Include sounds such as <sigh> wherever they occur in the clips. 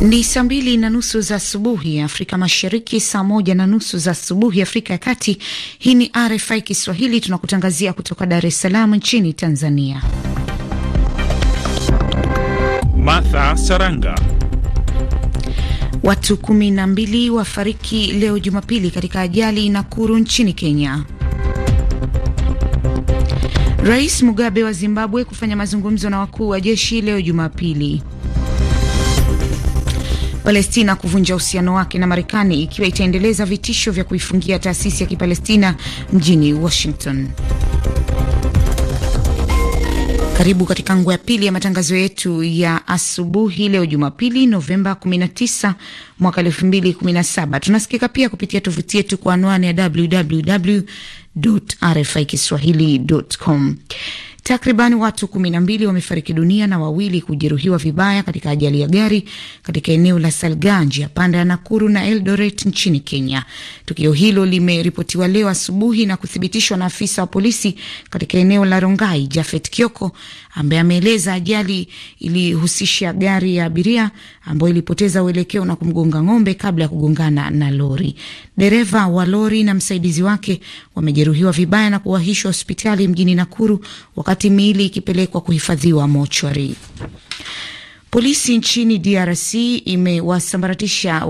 Ni saa mbili na nusu za asubuhi Afrika Mashariki, saa moja na nusu za asubuhi Afrika ya Kati. Hii ni RFI Kiswahili, tunakutangazia kutoka Dar es Salaam nchini Tanzania. Martha Saranga. Watu kumi na mbili wafariki leo Jumapili katika ajali Nakuru nchini Kenya. Rais Mugabe wa Zimbabwe kufanya mazungumzo na wakuu wa jeshi leo Jumapili. Palestina kuvunja uhusiano wake na Marekani ikiwa itaendeleza vitisho vya kuifungia taasisi ya Kipalestina mjini Washington. Karibu katika nguo ya pili ya matangazo yetu ya asubuhi leo Jumapili, Novemba 19 mwaka 2017. Tunasikika pia kupitia tovuti yetu kwa anwani ya www rfi kiswahili.com. Takriban watu kumi na mbili wamefariki dunia na wawili kujeruhiwa vibaya katika ajali ya gari katika eneo la Salganji ya panda ya Nakuru na Eldoret nchini Kenya. Tukio hilo limeripotiwa leo asubuhi na kuthibitishwa na afisa wa polisi katika eneo la Rongai, Jafet Kioko, ambaye ameeleza ajali ilihusisha gari ya abiria ambayo ilipoteza uelekeo na kumgonga ng'ombe kabla ya kugongana na lori. Dereva wa lori na msaidizi wake wamejeruhiwa vibaya na kuwahishwa hospitali mjini Nakuru wakati wakati miili ikipelekwa kuhifadhiwa mochwari. Polisi nchini DRC imewasambaratisha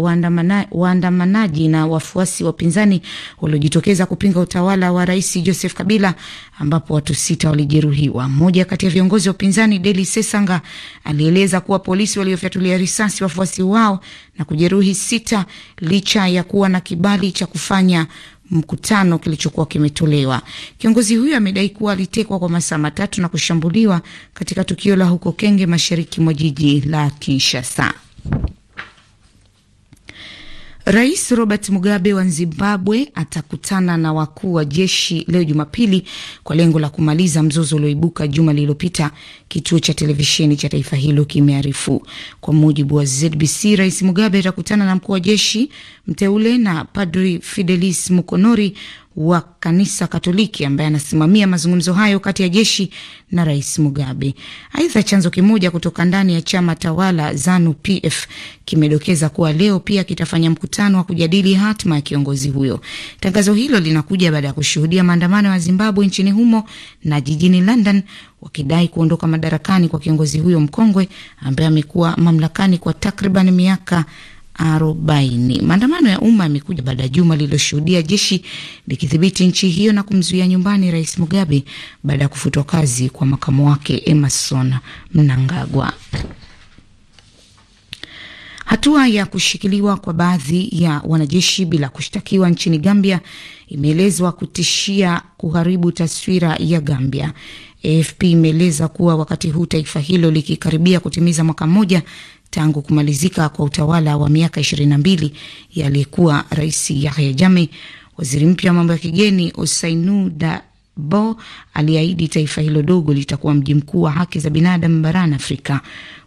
waandamanaji na wafuasi wa upinzani waliojitokeza kupinga utawala wa rais Joseph Kabila, ambapo watu sita walijeruhiwa. Mmoja kati ya viongozi wa upinzani Deli Sesanga alieleza kuwa polisi waliofyatulia risasi wafuasi wao na kujeruhi sita licha ya kuwa na kibali cha kufanya mkutano kilichokuwa kimetolewa. Kiongozi huyo amedai kuwa alitekwa kwa masaa matatu na kushambuliwa katika tukio la huko Kenge, mashariki mwa jiji la Kinshasa. Rais Robert Mugabe wa Zimbabwe atakutana na wakuu wa jeshi leo Jumapili kwa lengo la kumaliza mzozo ulioibuka juma lililopita, kituo cha televisheni cha taifa hilo kimearifu. Kwa mujibu wa ZBC, Rais Mugabe atakutana na mkuu wa jeshi mteule na Padri Fidelis Mukonori wa kanisa Katoliki ambaye anasimamia mazungumzo hayo kati ya jeshi na rais Mugabe. Aidha, chanzo kimoja kutoka ndani ya chama tawala ZANU PF kimedokeza kuwa leo pia kitafanya mkutano wa kujadili hatma ya kiongozi huyo. Tangazo hilo linakuja baada ya kushuhudia maandamano ya Zimbabwe nchini humo na jijini London wakidai kuondoka madarakani kwa kiongozi huyo mkongwe ambaye amekuwa mamlakani kwa takriban miaka arobaini. Maandamano ya umma yamekuja baada ya juma lililoshuhudia jeshi likidhibiti nchi hiyo na kumzuia nyumbani Rais Mugabe baada ya kufutwa kazi kwa makamu wake Emerson Mnangagwa. Hatua ya kushikiliwa kwa baadhi ya wanajeshi bila kushtakiwa nchini Gambia imeelezwa kutishia kuharibu taswira ya Gambia. AFP imeeleza kuwa wakati huu taifa hilo likikaribia kutimiza mwaka mmoja tangu kumalizika kwa utawala wa miaka 22 ya aliyekuwa rais Yahya Jammeh. Waziri mpya wa mambo ya kigeni Usainu Dabo aliahidi taifa hilo dogo litakuwa mji mkuu wa haki za binadamu barani Afrika.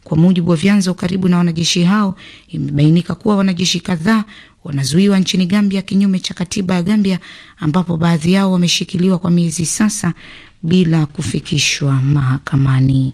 Kwa mujibu wa vyanzo karibu na wanajeshi hao, imebainika kuwa wanajeshi kadhaa wanazuiwa nchini Gambia kinyume cha katiba ya Gambia, ambapo baadhi yao wameshikiliwa kwa miezi sasa bila kufikishwa mahakamani.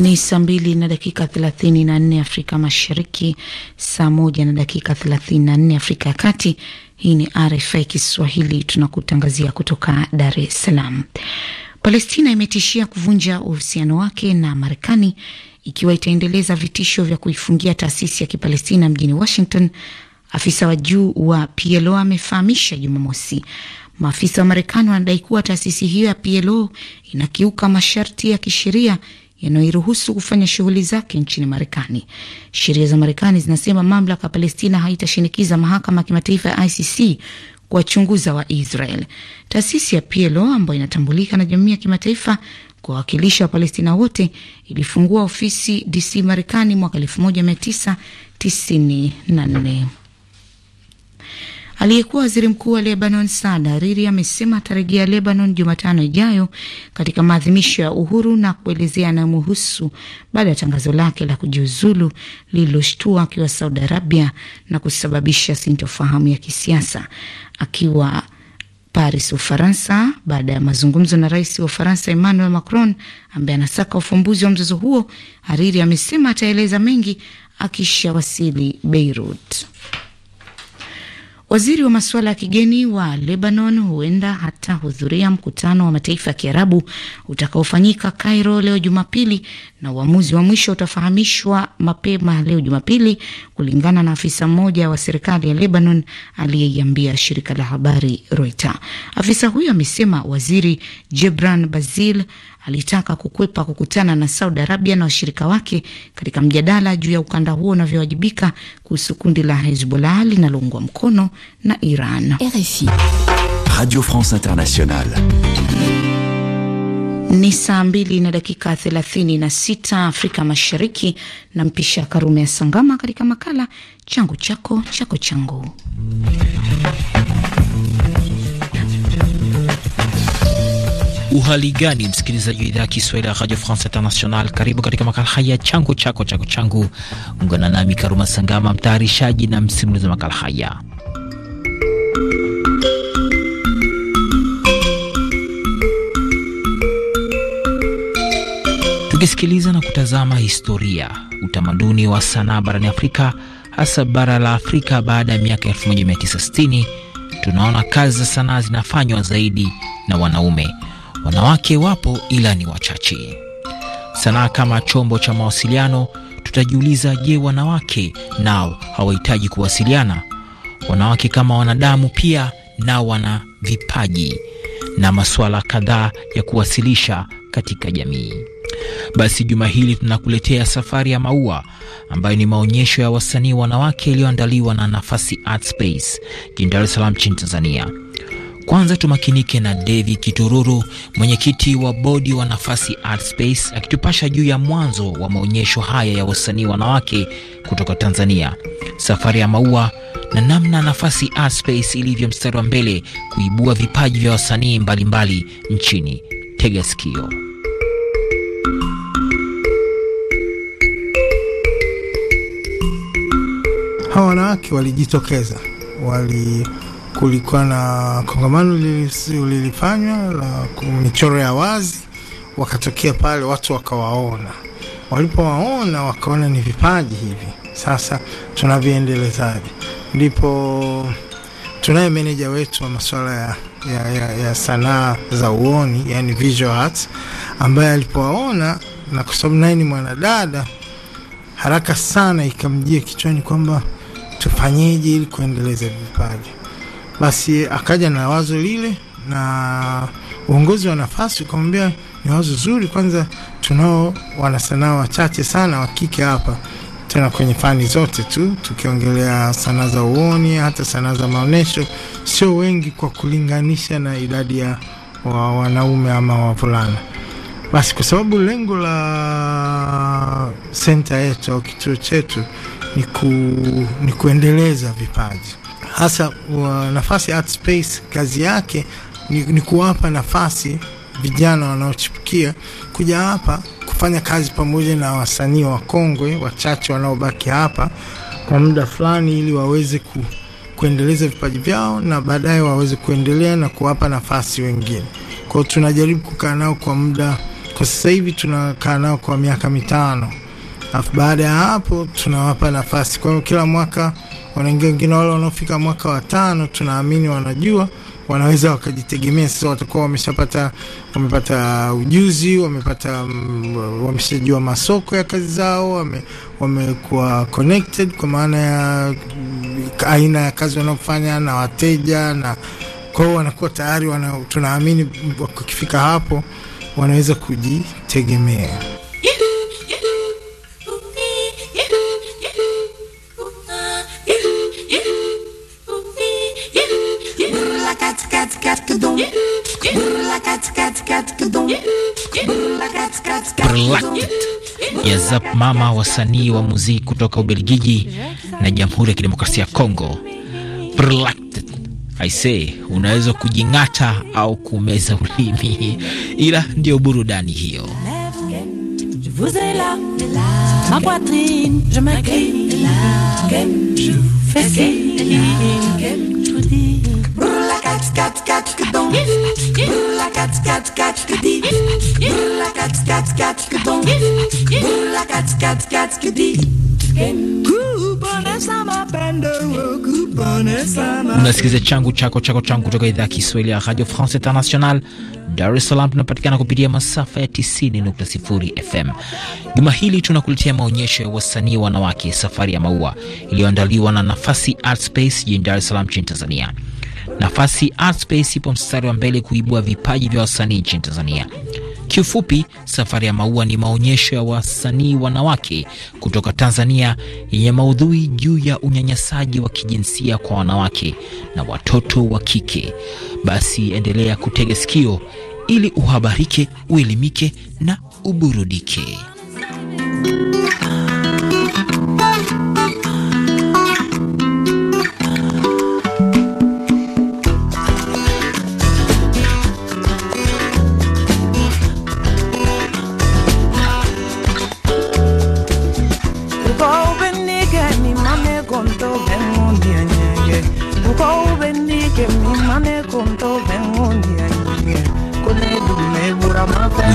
Ni saa mbili na dakika thelathini na nne Afrika Mashariki, saa moja na dakika thelathini na nne Afrika ya Kati. Hii ni RFI Kiswahili, tunakutangazia kutoka Dar es Salaam. Palestina imetishia kuvunja uhusiano wake na Marekani ikiwa itaendeleza vitisho vya kuifungia taasisi ya kipalestina mjini Washington. Afisa wa juu wa PLO amefahamisha Jumamosi. Maafisa wa Marekani wanadai kuwa taasisi hiyo ya PLO inakiuka masharti ya kisheria yanayoiruhusu kufanya shughuli zake nchini Marekani. Sheria za Marekani zinasema mamlaka ya Palestina haitashinikiza mahakama ya kimataifa ya ICC kuwachunguza wa Israel. Taasisi ya PLO ambayo inatambulika na jamii ya kimataifa kuwawakilisha Wapalestina wote ilifungua ofisi DC Marekani mwaka 1994. Aliyekuwa waziri mkuu wa Lebanon Saad Hariri amesema atarejea Lebanon Jumatano ijayo katika maadhimisho ya uhuru na kuelezea anamuhusu baada ya tangazo lake la kujiuzulu lililoshtua akiwa Saudi Arabia na kusababisha sintofahamu ya kisiasa akiwa Paris, Ufaransa, baada ya mazungumzo na rais wa Ufaransa Emmanuel Macron ambaye anasaka ufumbuzi wa mzozo huo. Hariri amesema ataeleza mengi akishawasili Beirut. Waziri wa masuala ya kigeni wa Lebanon huenda hata hudhuria mkutano wa mataifa ya Kiarabu utakaofanyika Cairo leo Jumapili, na uamuzi wa mwisho utafahamishwa mapema leo Jumapili, kulingana na afisa mmoja wa serikali ya Lebanon aliyeiambia shirika la habari Reuters. Afisa huyo amesema waziri Jebran Bazil alitaka kukwepa kukutana na Saudi Arabia na washirika wake katika mjadala juu ya ukanda huo unavyowajibika kuhusu kundi la Hezbollah linaloungwa mkono na Iran. RFI, Radio France Internationale. Ni saa mbili na dakika thelathini na sita Afrika Mashariki, na mpisha Karume ya Sangama katika makala changu chako chako changu Uhali gani msikilizaji wa idhaa ya Kiswahili ya Radio France International, karibu katika makala haya changu chako chako changu. Ungana nami Karuma Sangama, mtayarishaji na msimulizi wa makala haya. Tukisikiliza na kutazama historia, utamaduni wa sanaa barani Afrika, hasa bara la Afrika baada ya miaka 1960, tunaona kazi za sanaa zinafanywa zaidi na wanaume wanawake wapo ila ni wachache. Sanaa kama chombo cha mawasiliano, tutajiuliza, je, wanawake nao hawahitaji kuwasiliana? Wanawake kama wanadamu pia nao wana vipaji na masuala kadhaa ya kuwasilisha katika jamii. Basi juma hili tunakuletea safari ya maua ambayo ni maonyesho ya wasanii wanawake yaliyoandaliwa na Nafasi Art Space jijini Dar es Salaam nchini Tanzania. Kwanza tumakinike na Devi Kitururu, mwenyekiti wa bodi wa Nafasi Art Space, akitupasha juu ya mwanzo wa maonyesho haya ya wasanii wanawake kutoka Tanzania, safari ya maua na namna Nafasi Art Space ilivyo mstari wa mbele kuibua vipaji vya wasanii mbalimbali nchini. Tega sikio. Hawa wanawake walijitokeza wali kulikuwa na kongamano lilifanywa la michoro ya wazi, wakatokea pale watu wakawaona. Walipowaona wakaona ni vipaji hivi, sasa tunavyoendelezaje? Ndipo tunaye meneja wetu wa masuala ya, ya, ya, ya sanaa za uoni, yani visual arts, ambaye alipowaona na kwa sababu naye ni mwanadada, haraka sana ikamjia kichwani kwamba tufanyeje ili kuendeleza vipaji basi akaja na wazo lile, na uongozi wa nafasi ukamwambia ni wazo zuri, kwanza tunao wanasanaa wachache sana wa kike hapa tena kwenye fani zote tu, tukiongelea sanaa za uoni, hata sanaa za maonyesho, sio wengi kwa kulinganisha na idadi ya wa wanaume ama wavulana. Basi kwa sababu lengo la senta yetu au kituo chetu ni, ku, ni kuendeleza vipaji hasa nafasi Art Space kazi yake ni, ni kuwapa nafasi vijana wanaochipukia kuja hapa kufanya kazi pamoja na wasanii wakongwe wachache wanaobaki hapa kwa muda fulani, ili waweze ku, kuendeleza vipaji vyao na baadaye waweze kuendelea na kuwapa nafasi wengine. Kwao tunajaribu kukaa nao kwa muda, kwa sasa hivi tunakaa nao kwa miaka mitano, alafu baada ya hapo tunawapa nafasi. Kwa hiyo kila mwaka wanaingia wengine, wale wanaofika mwaka wa tano tunaamini wanajua wanaweza wakajitegemea. Sasa watakuwa wameshapata wamepata ujuzi, wamepata mm, wameshajua masoko ya kazi zao, wame, wamekuwa connected kwa maana ya mm, aina ya kazi wanaofanya na wateja, na kwa wanakuwa tayari wana, tunaamini wakifika hapo wanaweza kujitegemea. Reluctant ya Zap Mama, wasanii wa muziki kutoka Ubelgiji na Jamhuri ya Kidemokrasia ya Kongo. Reluctant I say, unaweza kujing'ata au kumeza ulimi, ila ndiyo burudani hiyo cat cat cat cat cat cat Unasikiliza changu chako chako changu kutoka idhaa ya Kiswahili ya Radio France International, Dar es Salaam. Tunapatikana kupitia masafa ya 90.0 FM. Juma hili tunakuletea maonyesho ya wasanii wanawake, safari ya maua, iliyoandaliwa na Nafasi Art Space jijini Dar es Salaam nchini Tanzania. Nafasi Art Space ipo mstari wa mbele kuibua vipaji vya wasanii nchini Tanzania. Kiufupi, safari ya maua ni maonyesho ya wasanii wanawake kutoka Tanzania yenye maudhui juu ya unyanyasaji wa kijinsia kwa wanawake na watoto wa kike. Basi endelea kutega sikio ili uhabarike, uelimike na uburudike.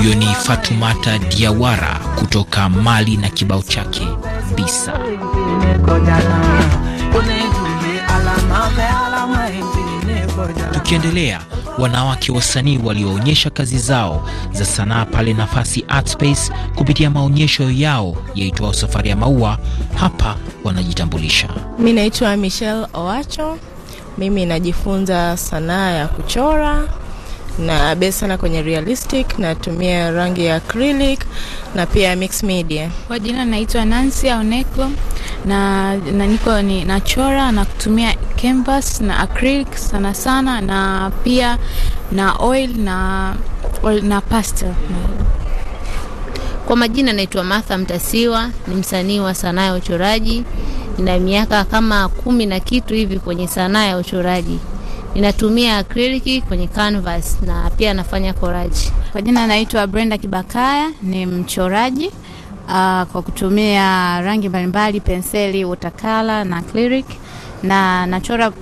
Huyo ni Fatumata Diawara kutoka Mali na kibao chake Bisa. Tukiendelea, wanawake wasanii walioonyesha kazi zao za sanaa pale Nafasi Art Space kupitia maonyesho yao yaitwao Safari ya Maua, hapa wanajitambulisha. Mi naitwa Michelle Owacho, mimi najifunza sanaa ya kuchora na base sana kwenye realistic, natumia rangi ya acrylic na pia mix media. Kwa jina naitwa Nancy Aoneklo na, na niko ni nachora na kutumia canvas na acrylic sana sana na pia na oil na, oil na pastel. Kwa majina naitwa Martha Mtasiwa, ni msanii wa sanaa ya uchoraji, na miaka kama kumi na kitu hivi kwenye sanaa ya uchoraji ninatumia acrylic kwenye canvas na pia nafanya collage. Kwa jina naitwa Brenda Kibakaya, ni mchoraji uh, kwa kutumia rangi mbalimbali, penseli, watercolor na acrylic, na nachora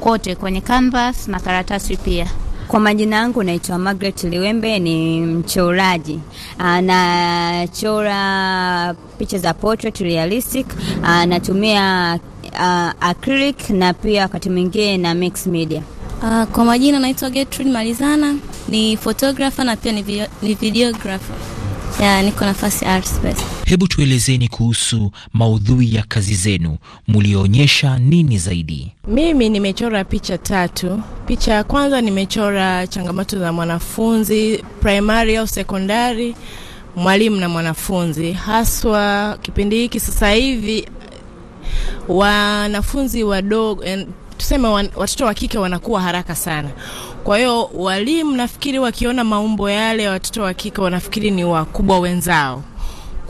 kote kwenye canvas na karatasi pia. Kwa majina yangu naitwa Margaret Liwembe, ni mchoraji, anachora ah, picha za portrait realistic, anatumia ah, uh, ah, acrylic na pia wakati mwingine na mixed media. Uh, kwa majina naitwa Gertrude Malizana, ni photographer na pia ni, video, ni videographer. Yeah, niko nafasi Art Space. Hebu tuelezeni kuhusu maudhui ya kazi zenu, mulionyesha nini zaidi? Mimi nimechora picha tatu. Picha ya kwanza nimechora changamoto za mwanafunzi primary au sekondari, mwalimu na mwanafunzi, haswa kipindi hiki sasa hivi wanafunzi wadogo tuseme watoto wa kike wanakuwa haraka sana. Kwa hiyo walimu nafikiri wakiona maumbo yale ya watoto wa kike wanafikiri ni wakubwa wenzao.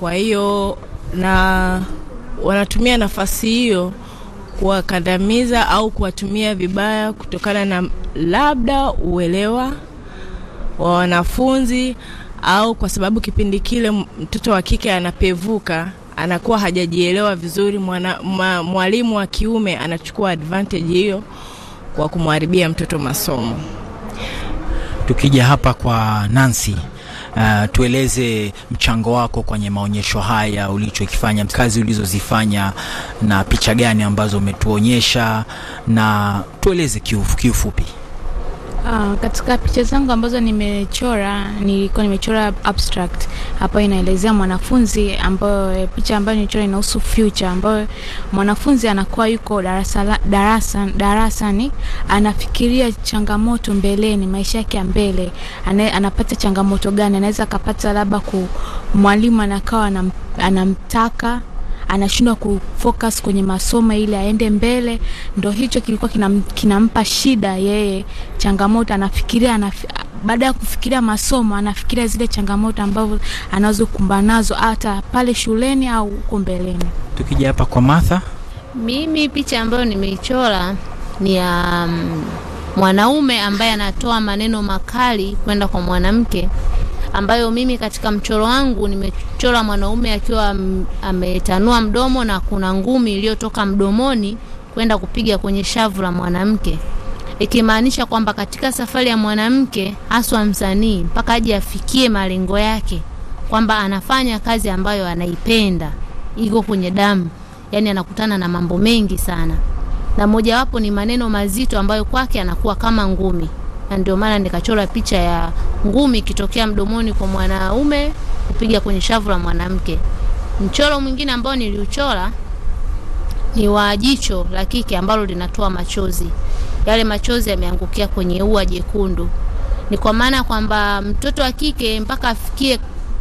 Kwa hiyo na wanatumia nafasi hiyo kuwakandamiza au kuwatumia vibaya kutokana na labda uelewa wa wanafunzi au kwa sababu kipindi kile mtoto wa kike anapevuka anakuwa hajajielewa vizuri, mwalimu wa kiume anachukua advantage hiyo kwa kumharibia mtoto masomo. Tukija hapa kwa Nancy Uh, tueleze mchango wako kwenye maonyesho haya ulichokifanya, kazi ulizozifanya na picha gani ambazo umetuonyesha, na tueleze kiufupi kiu Uh, katika picha zangu ambazo nimechora nilikuwa nimechora abstract ambayo inaelezea mwanafunzi ambayo eh, picha ambayo nimechora inahusu future ambayo mwanafunzi anakuwa yuko darasa, darasa, darasani anafikiria changamoto mbeleni, maisha yake ya mbele, anapata changamoto gani, anaweza akapata labda mwalimu anakawa anam, anamtaka anashindwa kufocus kwenye masomo ili aende mbele. Ndo hicho kilikuwa kinam, kinampa shida yeye, changamoto anafikiria anaf, baada ya kufikiria masomo anafikiria zile changamoto ambazo anazokumbana nazo hata pale shuleni au huko mbeleni. Tukija hapa kwa Martha, mimi picha ambayo nimeichora ni ya um, mwanaume ambaye anatoa maneno makali kwenda kwa mwanamke ambayo mimi katika mchoro wangu nimechora mwanaume akiwa ametanua mdomo na kuna ngumi iliyotoka mdomoni kwenda kupiga kwenye shavu la mwanamke, ikimaanisha kwamba katika safari ya mwanamke haswa msanii mpaka aje afikie malengo yake, kwamba anafanya kazi ambayo anaipenda, iko kwenye damu, yani anakutana na mambo mengi sana, na mojawapo ni maneno mazito ambayo kwake anakuwa kama ngumi, na ndio maana nikachora picha ya ngumi ikitokea mdomoni kwa mwanaume kupiga kwenye shavu la mwanamke. Mchoro mwingine ambao niliuchora ni wa jicho la kike ambalo linatoa machozi. Yale machozi yameangukia kwenye ua jekundu. Ni kwa maana kwamba mtoto wa kike mpaka afikie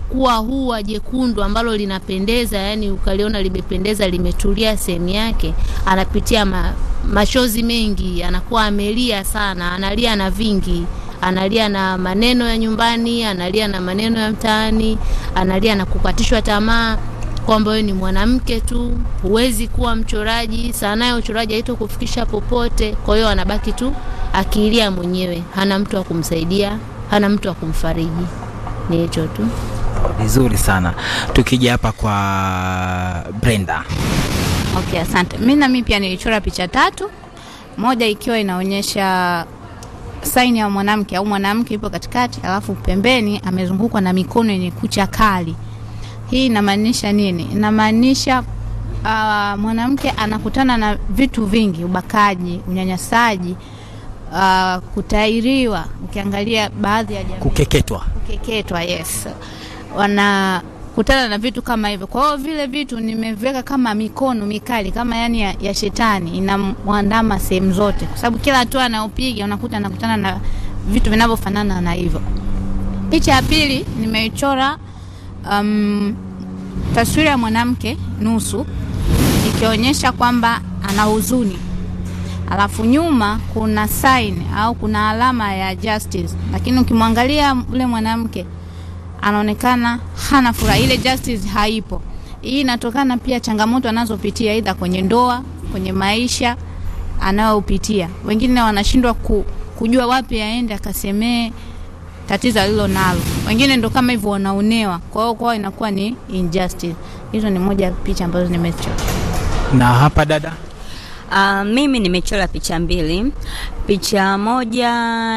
kuwa huwa jekundu ambalo linapendeza, yani ukaliona limependeza, limetulia sehemu yake, anapitia ma, machozi mengi, anakuwa amelia sana, analia na vingi analia na maneno ya nyumbani, analia na maneno ya mtaani, analia na kukatishwa tamaa kwamba wewe ni mwanamke tu, huwezi kuwa mchoraji. Sanaa ya uchoraji kufikisha popote. Kwa hiyo anabaki tu akilia mwenyewe, hana mtu wa kumsaidia, hana mtu wa kumfariji. Ni hicho tu. Vizuri sana. Tukija hapa kwa Brenda. Okay, asante. Mimi na mimi pia nilichora picha tatu, moja ikiwa inaonyesha saini ya mwanamke au mwanamke yupo katikati, alafu pembeni amezungukwa na mikono yenye kucha kali. Hii inamaanisha nini? Inamaanisha uh, mwanamke anakutana na vitu vingi: ubakaji, unyanyasaji, uh, kutairiwa. Ukiangalia baadhi ya jamii, kukeketwa, kukeketwa, yes, wana kukutana na vitu kama hivyo. Kwa hiyo vile vitu nimeweka kama mikono mikali kama yani ya, ya shetani inamwandama sehemu zote, kwa sababu kila hatua anayopiga unakuta anakutana na vitu vinavyofanana na hivyo. Picha ya pili nimeichora um, taswira ya mwanamke nusu ikionyesha kwamba ana huzuni, alafu nyuma kuna sign au kuna alama ya justice, lakini ukimwangalia ule mwanamke anaonekana hana furaha, ile justice haipo. Hii inatokana pia changamoto anazopitia aidha kwenye ndoa, kwenye maisha anayopitia. Wengine wanashindwa ku, kujua wapi aende akasemee tatizo alilo nalo. Wengine ndo kama hivyo wanaonewa, kwa hiyo kwao inakuwa ni injustice. Hizo ni moja ya picha ambazo nimezichora. Na hapa dada Uh, mimi nimechora picha mbili. Picha moja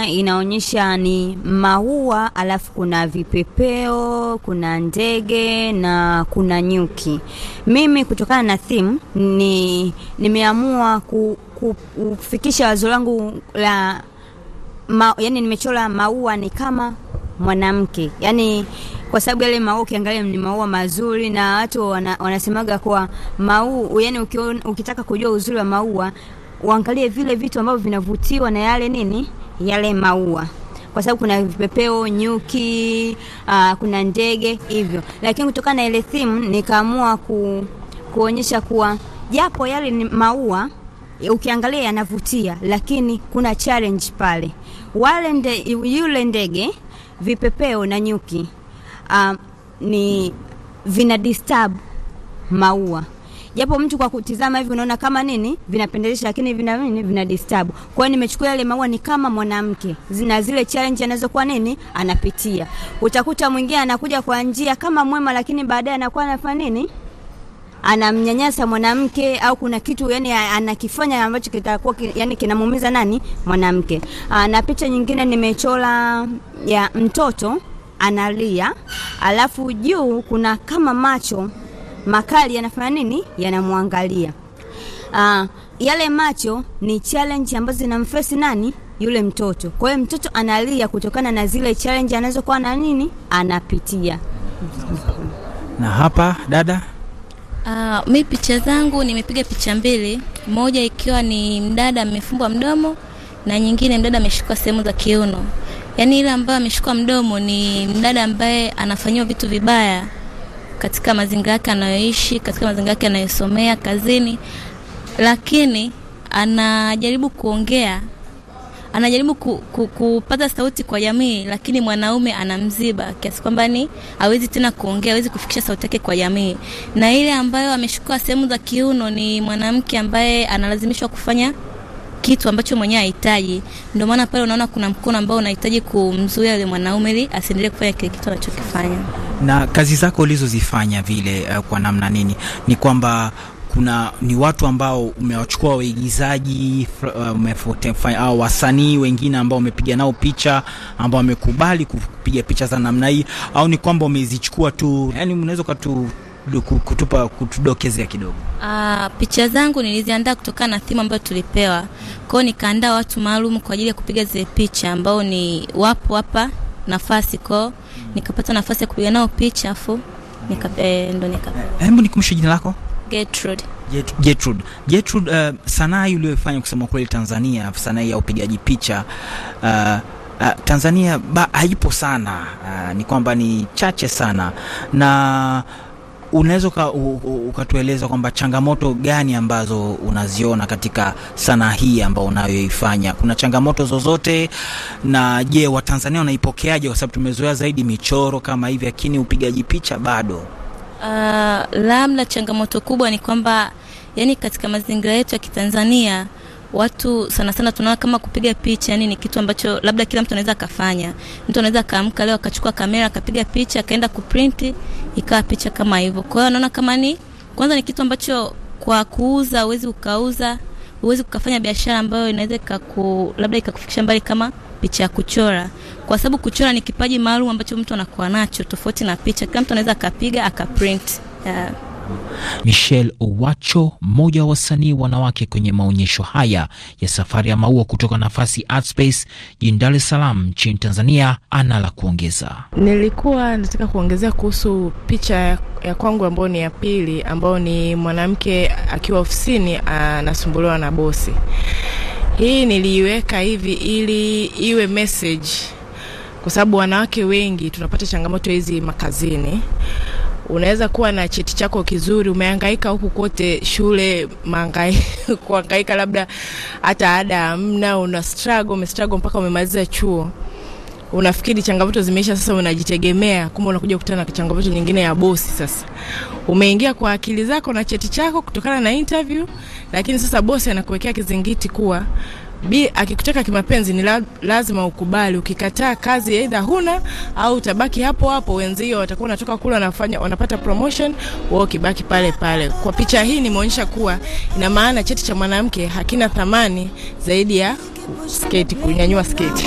inaonyesha ni maua, alafu kuna vipepeo, kuna ndege na kuna nyuki. Mimi kutokana na theme ni nimeamua ku, ku, kufikisha wazo langu la ma, yani nimechora maua ni kama mwanamke yani kwa sababu yale maua ukiangalia ni maua mazuri, na watu wana, wanasemaga kuwa maua yani ukitaka kujua uzuri wa maua uangalie vile vitu ambavyo vinavutiwa na yale nini yale maua kwa sababu kuna vipepeo, nyuki, aa, ah, kuna ndege hivyo. Lakini kutokana na ile theme nikaamua ku, kuonyesha kuwa japo yale ni maua ukiangalia yanavutia, lakini kuna challenge pale. Wale nde, yule ndege vipepeo na nyuki um, ni vina disturb maua japo mtu kwa kutizama hivi unaona kama nini vinapendezesha, lakini vina nini, vina disturb. Kwa hiyo nimechukua yale maua ni kama mwanamke, zina zile challenge anazokuwa nini anapitia. Utakuta mwingine anakuja kwa njia kama mwema, lakini baadaye anakuwa anafanya nini anamnyanyasa mwanamke au kuna kitu yani anakifanya ambacho kitakuwa yani kinamuumiza nani mwanamke. Ah, na picha nyingine nimechora ya mtoto analia, alafu juu kuna kama macho makali yanafanya nini, yanamwangalia. Ah, yale macho ni challenge ambazo zinamfesi nani yule mtoto. Kwa hiyo mtoto analia kutokana na zile challenge anazokuwa na nini anapitia. Na hapa dada Uh, mi picha zangu nimepiga picha mbili, moja ikiwa ni mdada amefumbwa mdomo na nyingine mdada ameshikwa sehemu za kiuno. Yaani ile ambayo ameshikwa mdomo ni mdada ambaye anafanyiwa vitu vibaya katika mazingira yake anayoishi, katika mazingira yake anayosomea, kazini, lakini anajaribu kuongea anajaribu ku, ku, kupata sauti kwa jamii, lakini mwanaume anamziba kiasi kwamba ni hawezi tena kuongea, hawezi kufikisha sauti yake kwa jamii. Na ile ambayo ameshukua sehemu za kiuno ni mwanamke ambaye analazimishwa kufanya kitu ambacho mwenyewe hahitaji. Ndio maana pale unaona kuna mkono ambao unahitaji kumzuia yule mwanaume ili asiendelee kufanya kile kitu anachokifanya. Na kazi zako ulizozifanya vile, uh, kwa namna nini, ni kwamba kuna ni watu ambao umewachukua waigizaji uh, au uh, wasanii wengine ambao umepiga nao picha ambao wamekubali kupiga picha za namna hii, au ni kwamba umezichukua tu? Yani unaweza ukatu kutupa kutudokezea kidogo. Ah, picha zangu niliziandaa kutokana na thema ambayo tulipewa. kwao, nikaandaa watu maalum kwa ajili ya kupiga zile picha ambao ni wapo hapa nafasi kwao, nikapata nafasi ya kupiga nao picha afu nika, eh, ndo nika. Hebu nikumshie jina lako. Gertrude. Gertrude, Gertrude, uh, sanaa hii kusema kweli Tanzania, sanaa ya upigaji picha uh, Uh, Tanzania ba, haipo sana uh, ni kwamba ni chache sana, na unaweza ukatueleza kwamba changamoto gani ambazo unaziona katika sanaa hii ambayo unayoifanya? Kuna changamoto zozote? Na je, Watanzania wanaipokeaje? Kwa sababu tumezoea zaidi michoro kama hivi, lakini upigaji picha bado Uh, labda changamoto kubwa ni kwamba yani katika mazingira yetu ya Kitanzania watu sana sana tunaona kama kupiga picha yani ni kitu ambacho labda kila mtu anaweza akafanya. Mtu anaweza kaamka leo akachukua kamera akapiga picha akaenda kuprint ikawa picha kama hivyo. Kwa hiyo kama ni kwanza ni kitu ambacho kwa kuuza uwezi ukauza, uwezi ukafanya biashara ambayo inaweza labda ikakufikisha mbali kama picha ya kuchora, kwa sababu kuchora ni kipaji maalum ambacho mtu anakuwa nacho, tofauti na picha. Kila mtu anaweza akapiga akaprint. Uh, Michelle Owacho, mmoja wa wasanii wanawake kwenye maonyesho haya ya safari ya maua kutoka Nafasi Art Space jijini Dar es Salaam nchini Tanzania, ana la kuongeza. Nilikuwa nataka kuongezea kuhusu picha ya kwangu ambayo ni ya pili, ambayo ni mwanamke akiwa ofisini anasumbuliwa na bosi hii niliiweka hivi ili iwe message, kwa sababu wanawake wengi tunapata changamoto hizi makazini. Unaweza kuwa na cheti chako kizuri, umehangaika huku kote shule, <laughs> kuhangaika labda hata ada hamna, una struggle, umestruggle mpaka umemaliza chuo unafikiri changamoto zimeisha, sasa unajitegemea, kumbe unakuja kukutana na changamoto nyingine ya bosi. Sasa umeingia kwa akili zako na cheti chako kutokana na interview, lakini sasa bosi anakuwekea kizingiti kuwa bi akikutaka kimapenzi ni la, lazima ukubali. Ukikataa kazi aidha huna au utabaki hapo hapo, wenzio watakuwa wanatoka kule wanafanya wanapata promotion, wao kibaki pale pale. Kwa picha hii nimeonyesha kuwa ina maana cheti cha mwanamke hakina thamani zaidi ya sketi, kunyanyua sketi.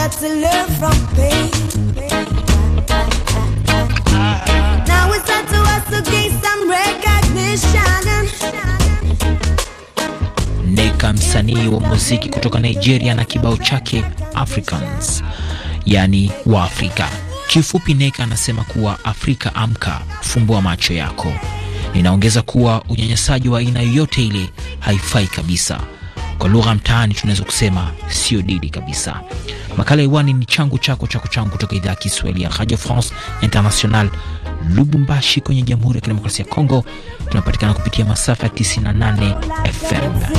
got to learn from pain. Now it's to us to gain some recognition. Neka msanii wa muziki kutoka Nigeria na kibao chake Africans, yani wa Afrika. Kifupi, Neka anasema kuwa Afrika amka, fumbua macho yako. Ninaongeza kuwa unyanyasaji wa aina yoyote ile haifai kabisa. Kwa lugha mtaani tunaweza kusema sio dili kabisa. Makala iwani ni changu chako chako changu kutoka idhaa ya Kiswahili ya Radio France International, Lubumbashi kwenye Jamhuri ya Kidemokrasia ya Kongo. Tunapatikana kupitia masafa ya 98 FM.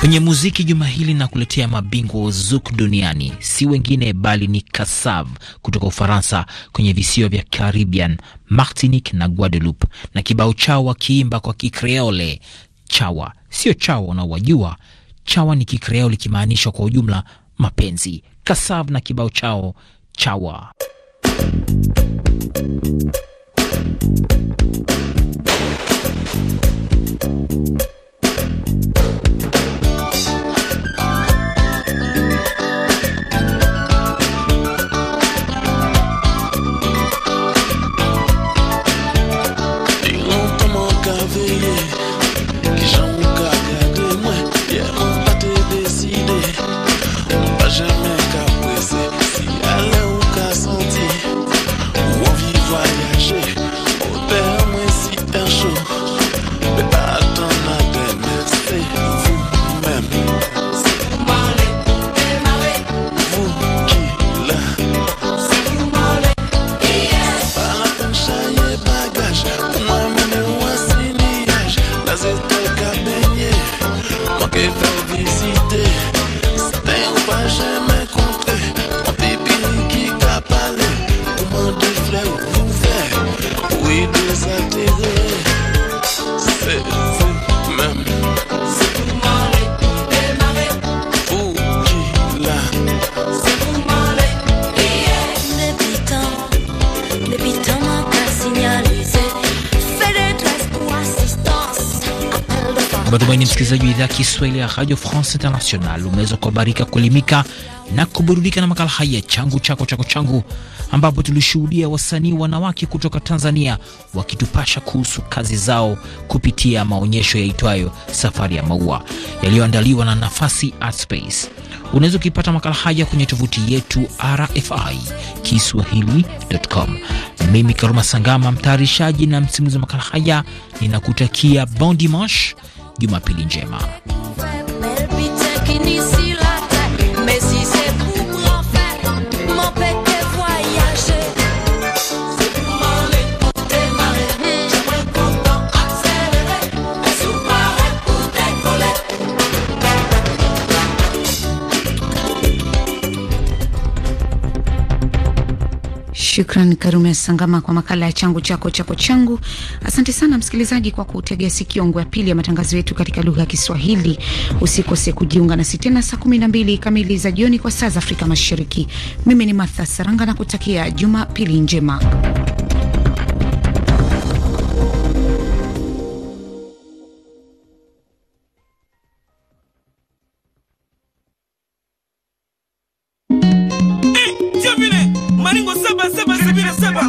Kwenye muziki juma hili na kuletea mabingwa wa zouk duniani, si wengine bali ni Kassav kutoka Ufaransa, kwenye visiwa vya Caribbean, Martinique na Guadeloupe, na kibao chao wakiimba kwa Kikreole. Chawa sio chawa unaowajua, chawa ni Kikreole, kimaanishwa kwa ujumla mapenzi. Kassav na kibao chao chawa ambaye ni msikilizaji wa idhaa ya Kiswahili ya Radio France International, umeweza kuhabarika, kuelimika na kuburudika na makala haya changu chako chako changu, ambapo tulishuhudia wasanii wanawake kutoka Tanzania wakitupasha kuhusu kazi zao kupitia maonyesho yaitwayo Safari ya Maua yaliyoandaliwa na Nafasi Art Space. Unaweza ukipata makala haya kwenye tovuti yetu RFI Kiswahili.com. Mimi Karuma Sangama, mtayarishaji na msimuzi wa makala haya, ninakutakia bon dimanche. Jumapili njema. Shukran Karume Sangama kwa makala ya changu chako chako changu. Asante sana msikilizaji kwa kutegea sikio ngu ya pili ya matangazo yetu katika lugha ya Kiswahili. Usikose kujiunga nasi tena saa mbili kamili za jioni kwa saa za Afrika Mashariki. Mimi ni Martha Saranga na kutakia Jumapili njema. Seba.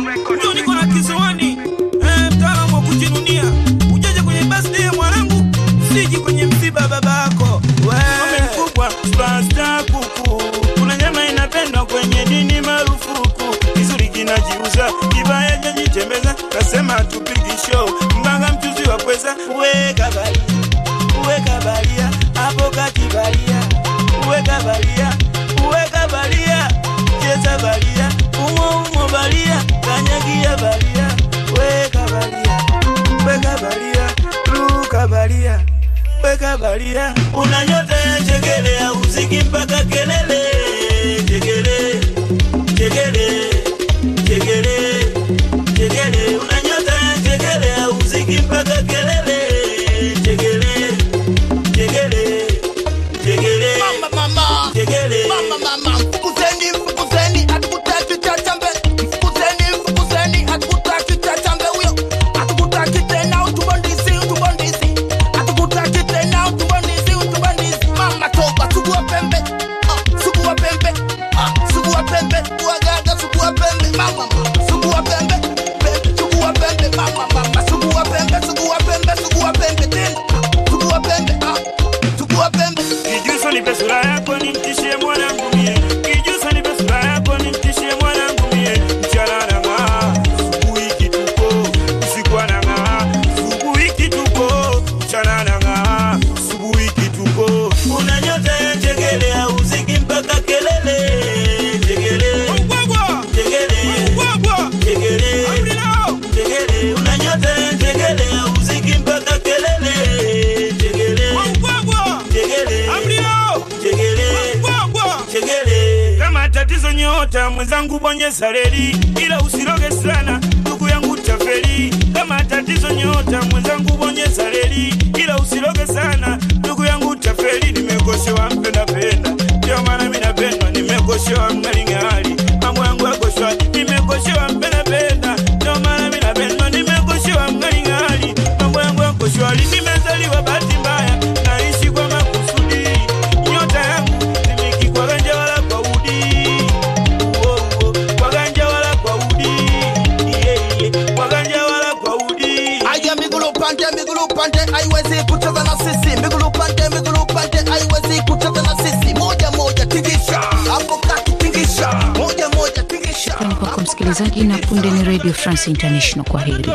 que en el mota mwenzangu, bonyeza reli, ila usiroge sana ndugu yangu tafeli. Kama tatizo nyota mwenzangu, bonyeza reli, ila usiroge sana ndugu yangu tafeli. Nimekoshewa mpenda penda, ndio maana mimi napendwa, nimekoshewa mnaling'ali msikilizaji, na punde ni Radio France International. Kwa heri.